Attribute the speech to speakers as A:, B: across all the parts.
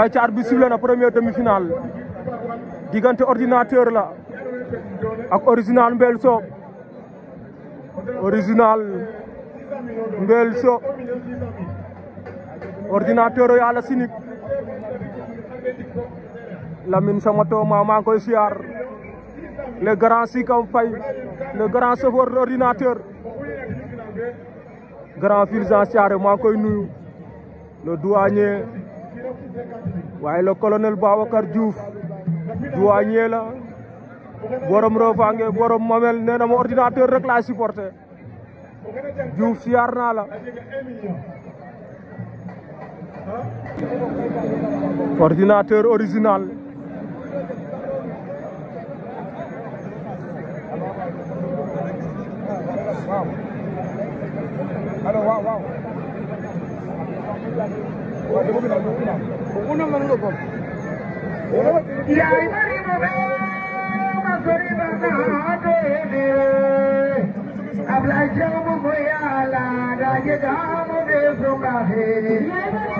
A: ay ca arbitre bi na première demi-finale diggante ordinateur la ak original Mbel Sop original Mbel Sop la sinik Lamine sama tooma maa ngi koy siyaar le grand Sikam Faye le grand chauffeur ordinateur grand Fulgence Thiaré maa ngi koy nuyu le douanier waaye le colonel Babacar Diouf douanier la borom Roofange borom Mamel nee na ma ordinateur rek laa supporté Diouf siyaar naa la ordinateur original una mano con y ahí Habla ya, voy a la calle, dame de su café.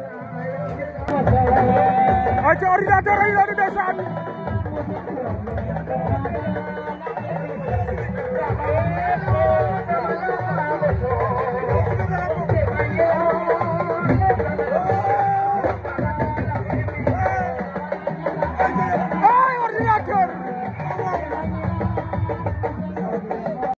A: ay ca ordinateur ay la